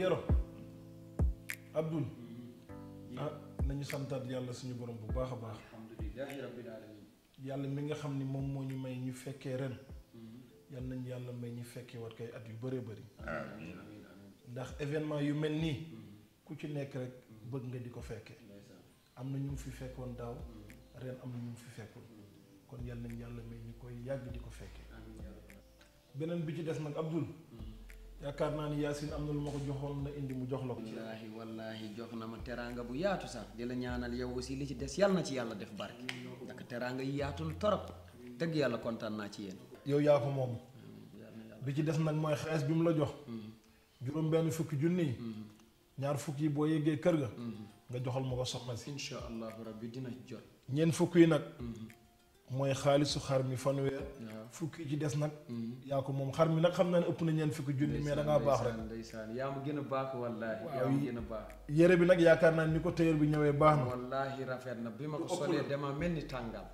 yoro abdul ah nañu santaat yàlla suñu borom bu baax a baax yàlla mi nga xam ni moom moo ñu may ñu fekkee ren mm-hmm. yal nañu yàlla may ñu fekkee wat kay at yu bëree bëri ndax événement yu mel nii mm-hmm. ku ci nekk rek bëgg nga di ko fekkee am na ñu fi fekkoon daaw mm-hmm. ren am na ñu fi fekkul kon yal nañu yàlla may ñu koy yàgg di ko fekkee ya beneen bi ci des nag abdul yaakaar naa ni Yacine am na lu ma ko joxoon na indi mu jox la ko. wallaahi wallaahi jox na ma teraanga bu yaatu sax di la ñaanal yow aussi li ci des yàlla na ci yàlla def barke ndax teraanga yi yaatul na torop dëgg yàlla kontaan naa ci yéen. yow yaa ko moom bi ci des nag mooy xees bi mu la jox. juróom benn fukki junni. ñaar fukki yi boo yeggee kër ga. Mm-hmm. nga joxal ma ko soxna si. incha allahu bi dina jot. ñeent fukki yi nag. moy khalisu kharmi fanwer fukki ci dess nak mm-hmm. ya ko mom kharmi nak xamna xam ne ëpp na ñen fukki junni. mais da nga bax rek ndeysaan yaa ma gën a baax wallaahi. yaa ma yere bi nak yaakar na ni ko téyër bi ñewé bax na. wallahi rafet na bima ko solé dama melni tangal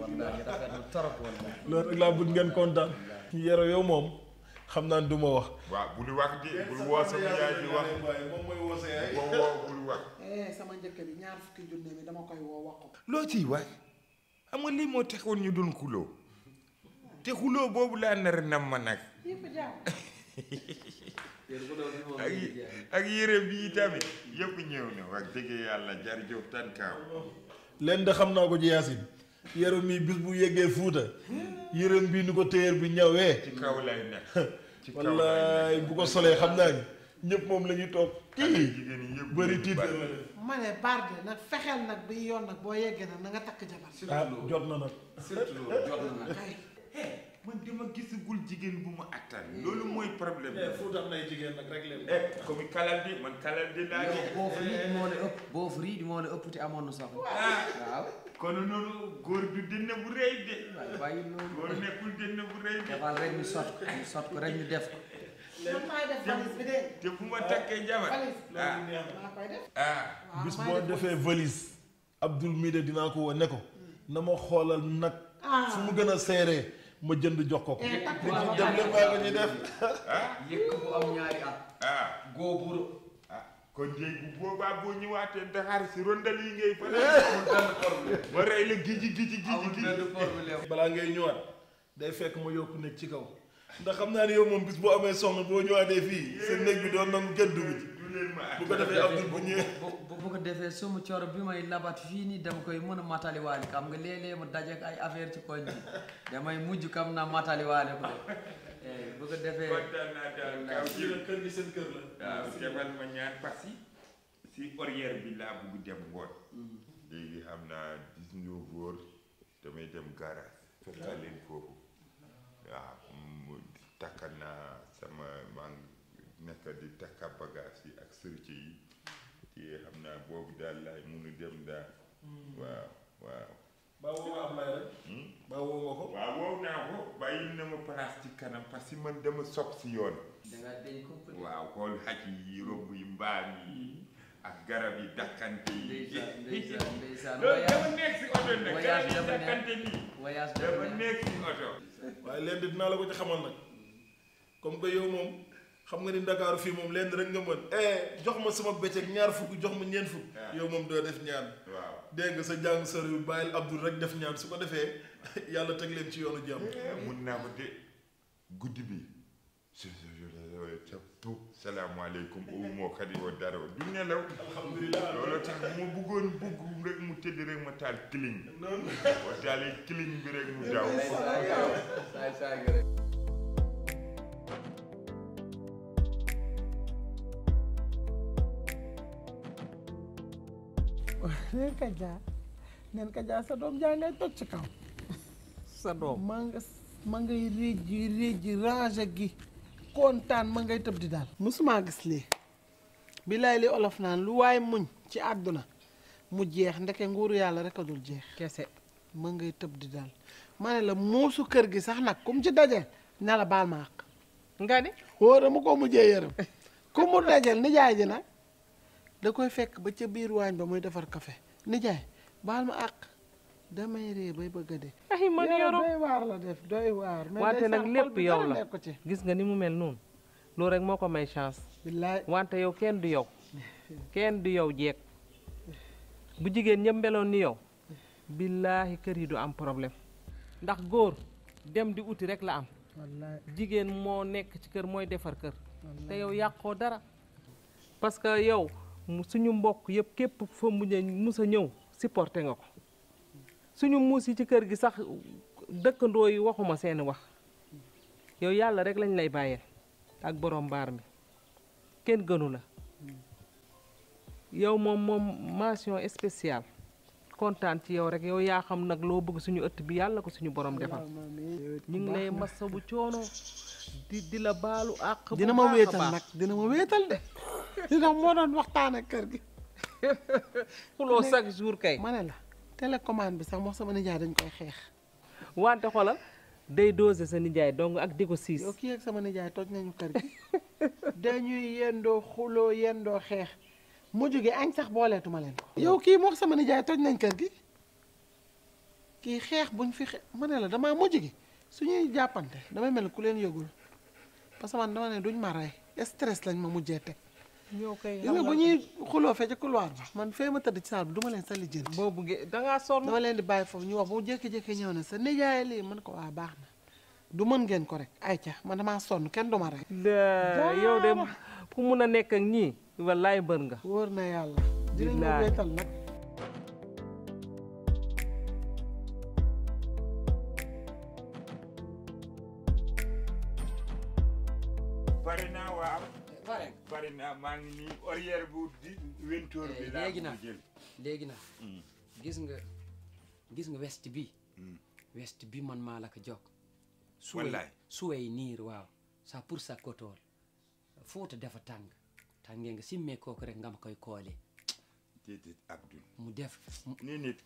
wallahi rafet na torop wallahi lool rek la bu ngeen kontaan. yero yow mom xamna naa du ma wax. waaw bul wax di bul wo sa yaay di wax mom moy wo sa wo wo bu bul wax. Eh, sama njëkk bi ñaar fukki junni mi dama koy wo wax ko. loo ciy wax. xam nga lii moo taxoon ñu doon xuloo te xuloo boobu laa nar nam ma nag ak ak yére bii tamit yëpp ñëw na wax dëgg yàlla jar jof tan kaaw leen xam naa ko ci yaasin yaram mi bis bu yeggee fuuta yërëm bi ni ko téer bi ñawee ci kaw lay nekk wallaay bu ko solee xam naa ni ñëpp moom la toog kii tiit ma ne Bardé nag fexeel nag bi yoon nag boo yeggee nag na nga takk jabar. Ah, surtout jot na nag. surtout jot ma nag. gisagul jigéen bu ma attan. loolu mooy problème dam eh, nay jigéen nag rek leen. Eh, comme man kalal bi moo la ëpp. boofu moo la ëpp amoon na sax. Ah. kon noonu góor du dënn bu rëy de. waaw waaye noonu góor nekkul dënn bu rëy de. rek ñu sot ñu sot ko rek ñu def ko. man te fu ma takkee jabar valise ah. ah. Ah, maa bis boo defee valise. Abdoul mii dinaa ko wane ko. Hmm. na ma xoolal nag. su mu gën a seeree ma jënd jox ko. eh takk waaw waaw dem leen baa ñuy def. ah kon jéeg boobaa boo ñëwaatee Dakar si rondal yi ngay fa. ma rey la giji giji giji balaa ngay ñëwaat day fekk ma yokk nekk ci kaw. ndax xam naa ne yow moom gis boo amee soxna boo ñëwaatee fii sa néeg doon nangu kenn dugg ci defee Abdou bu ñëwee bu suma cooro bi may labat fii nii dama koy mën a matali xam nga léeg-léeg ma ay affaire ci koñ damay mujj kam naa matali waale ko de eh, defee kër gi seen kër la waaw defal ma ñaan parce si orière bi laa bugg dem ngoon mm-hmm. léegi xam naa dix-neuf damay dem garage fekk leen foofu waaw takka naa sama maa ngi nekk di takka bagage yi ak sërce yi ci xam naa boobu daal laay munu dem daal hmm. waaw waaw baa woo nga Ablaye rek hmm? baa woo nga ko waaw woow naa ci kanam parce que man dama sob si yoon danga denc ko waaw xool xaj yi robb yi mbaam yi hmm. ak garab yi dakkante yi. ndeysaan dama nekk si oto waaye leen di dinaa la ko ci xamal nag comme que yow moom xam nga ni Ndakaaru fii moom lenn rek nga mën eh, jox ma sama bëccëg ñaar fukk jox ma ñeent fukk. Ah. yow moom doo def ñaan. waaw dégg nga sa jàng soriwul bàyyil Abdul rek def ñaan su ko defee yàlla teg leen ci yoonu jàmm. Eh, mun naa ko de guddi bi. salaamaaleykum moo xadi woo dara du nelaw alhamdulilah bëggoon bëgg rek mu tëdd rek ma taal rek neen ka jaa neen ka sa doom jaa ngay toj ci kaw sa doom maa nga ma ngay réjji réjji range gi kontaan ma ngay tëb di daal mosumaa gis lii bilaay li olof naan lu waay muñ ci àdduna mu jeex ndeke nguuru yàlla rek a dul jeex kese ma ngay tëb di daal ma ne la muusu kër gi sax nag ku ci dajeel na la baal ma àq nga ni wóor na mu ko mujjee yërëm ku mu dajeel nijaay ji nag da koy fekk ba ca biir waañ ba muy defar café nijaay baal ma àq damay ree bay bëgg a ay man yoro doy waar la def doy waar. wante nak lepp yow la gis nga ni mu mel noonu loolu rek moo ko may chance. billahi wante yow kenn du yow kenn du yow jeeg bu jigéen ñëpp meloon ni yow billahi kër yi du am problème ndax góor dem di uti rek la am. jigéen moo nekk ci kër mooy defar kër. te yow yàqoo dara parce que yow suñu mbokk yépp képp fa muñ mus a ñëw supporté nga ko suñu muus ci kër gi sax dëkkandoo yi waxuma seeni wax yow yàlla rek lañ lay bàyyeel ak borom baar mi kenn gënu la yow moom moom mention spécial kontaan ci yow rek yow yaa xam nag loo bëgg suñu ëtt bi yàlla ko suñu borom defal ñu ngi lay massa bu coono di di la baalu àq dina ma wéetal nag dina ma wéetal de dina moo doon waxtaan ak kër gi. xuloo chaque jour kay. ma ne la télécommande bi sax moo sama nijaay dañ koy xeex. wante xoolal day dose sa nijaay dong ak di ko siis. yow kii ak sama nijaay toj nañu kër gi. dañuy yendoo xuloo xeex mu jóge booleetuma leen yow kii moo sama nijaay toj nañ kër gi kii xeex buñ fi xe ma ne la damaa mujj gi suñuy jàppante damay mel ku leen yëgul parce que man dama ne duñ ma rey stress lañ ma mujjee teg. ñoo koy xam nga bu ba man fee ma tëdd ci saal bi du ma leen sa lijjanti. boo buggee da ngaa sonn. dama leen di bàyyi foofu ñu wax bu jékki-jékki ñëw na sa nijaay lii man ko waa baax na du mën ngeen ko rek ay ca man damaa pare pare naa maa ngi nii orière bu di wentoor bi eh, léegi nag hmm. gis nga gis nga west bi west hmm. bi man maa la ko jokk wallaay suwey niir waaw sa pour sa kotool Fuuta dafa tàng tàngee nga simmee kooku rek nga ma koy koole mu def ni nit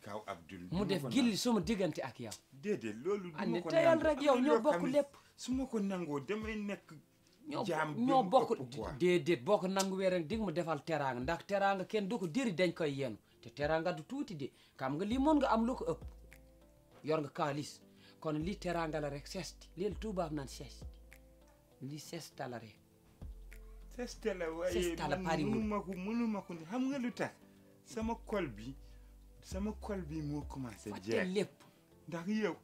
mu def gilli suma diggante ak yow déedéet loolu du ma ko nangu teyal nekk jaam bi ñoo bokk déedéet boo ko nangu wee rek mu defal teraanga ndax teraanga kenn du ko diri dañ koy yenu te teraanga du tuuti de xam nga lii mën nga am lu ko ëpp yor nga kaalis kon lii teraanga la rek sesti lii tubaab naan sesti lii sesta la rek sesta la waaye mënuma ko mënuma ko xam nga lu tax sama kol bi sama kol bi moo commencé jeex ndax yow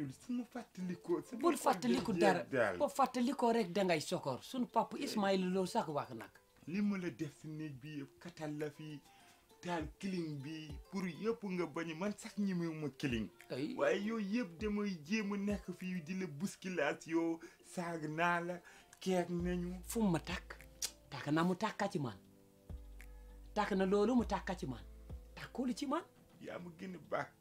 Abdoul su ma fàttalikoo. bul fàttaliku dara boo fàttalikoo rek dangay sokoor sunu papa eh. Ismaïla loolu sax wax nag. li ma la def si néeg bi yëpp katal la fi taal kiling bi pour yëpp nga bañ man sax ñemewuma kiling. waaye yooyu yëpp damay jéem a nekk fii di la bousculation saag naa la keeg nañu. fu ma takk tàkk na mu tàkka ci man tàkk na loolu mu tàkka ci man. yaa ma gën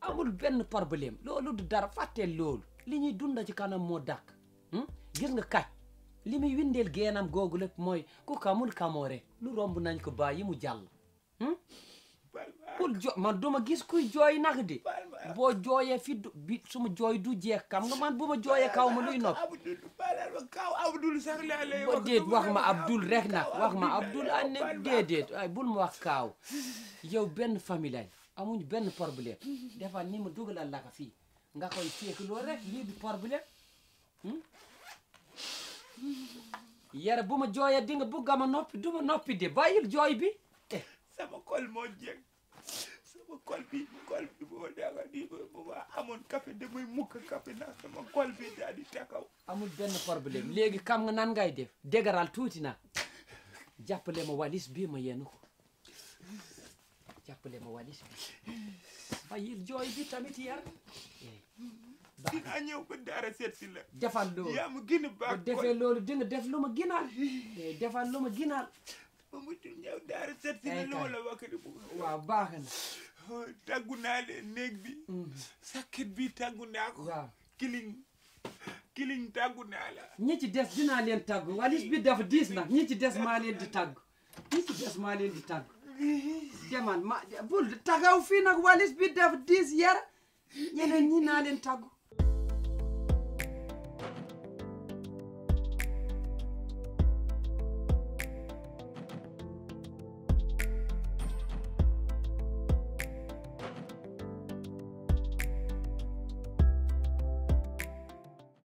amul benn problème loolu du dara fàtteel loolu. li ñuy dunda ci kanam moo dàq. Hmm? gis nga kàcc li muy windeel geenam googu lépp mooy ku kamul kamoore lu romb nañ ko bàyyi mu jàll. Hmm? bul jo man duma gis kuy jooy nag di boo jooyee fi du bi suma jooy du jeex kam nga man bu ma jooyee kaw ma luy nopp kaw abdul sax laa lay wax déet wax ma abdul rek nag wax ma abdul anne déedéet ay bul ma wax kaaw yow benn famille amuñ benn problème des fois ni ma dugalal la ko fii nga koy féeki loolu rek lii du problème hmm? bu ma jooyee di nga bugg a noppi du ma noppi de bàyyil jooy bi eh. sama kol moo jég sama kol bi kol bi bu ma dega di bu ma naa kol bi ngay def dégaral tuuti naa jàppale ma walis bii ma yenu ko jàppale ma walis bàyyil jooy bi tamit yar dinaa ñëw ba daara seet defal loolu ma gën a baax bu defee lu ma ginaar eh, defal lu ma ginaar ba mu tul ñëw daara seet si la loolu eh, la wakk baax na oh, tàggu naa leen néeg bi mm-hmm. sakket bi tàggu naa ko waaw kiling kiling tàggu la ñi ci des dinaa leen tàggu walis bi dafa diis nag ñi ci des maa leen di tàggu ñi des maa leen di tàggu demal ma bul tagaw fii nag walis bi def dix yar ñeneen ñi naa leen tàggu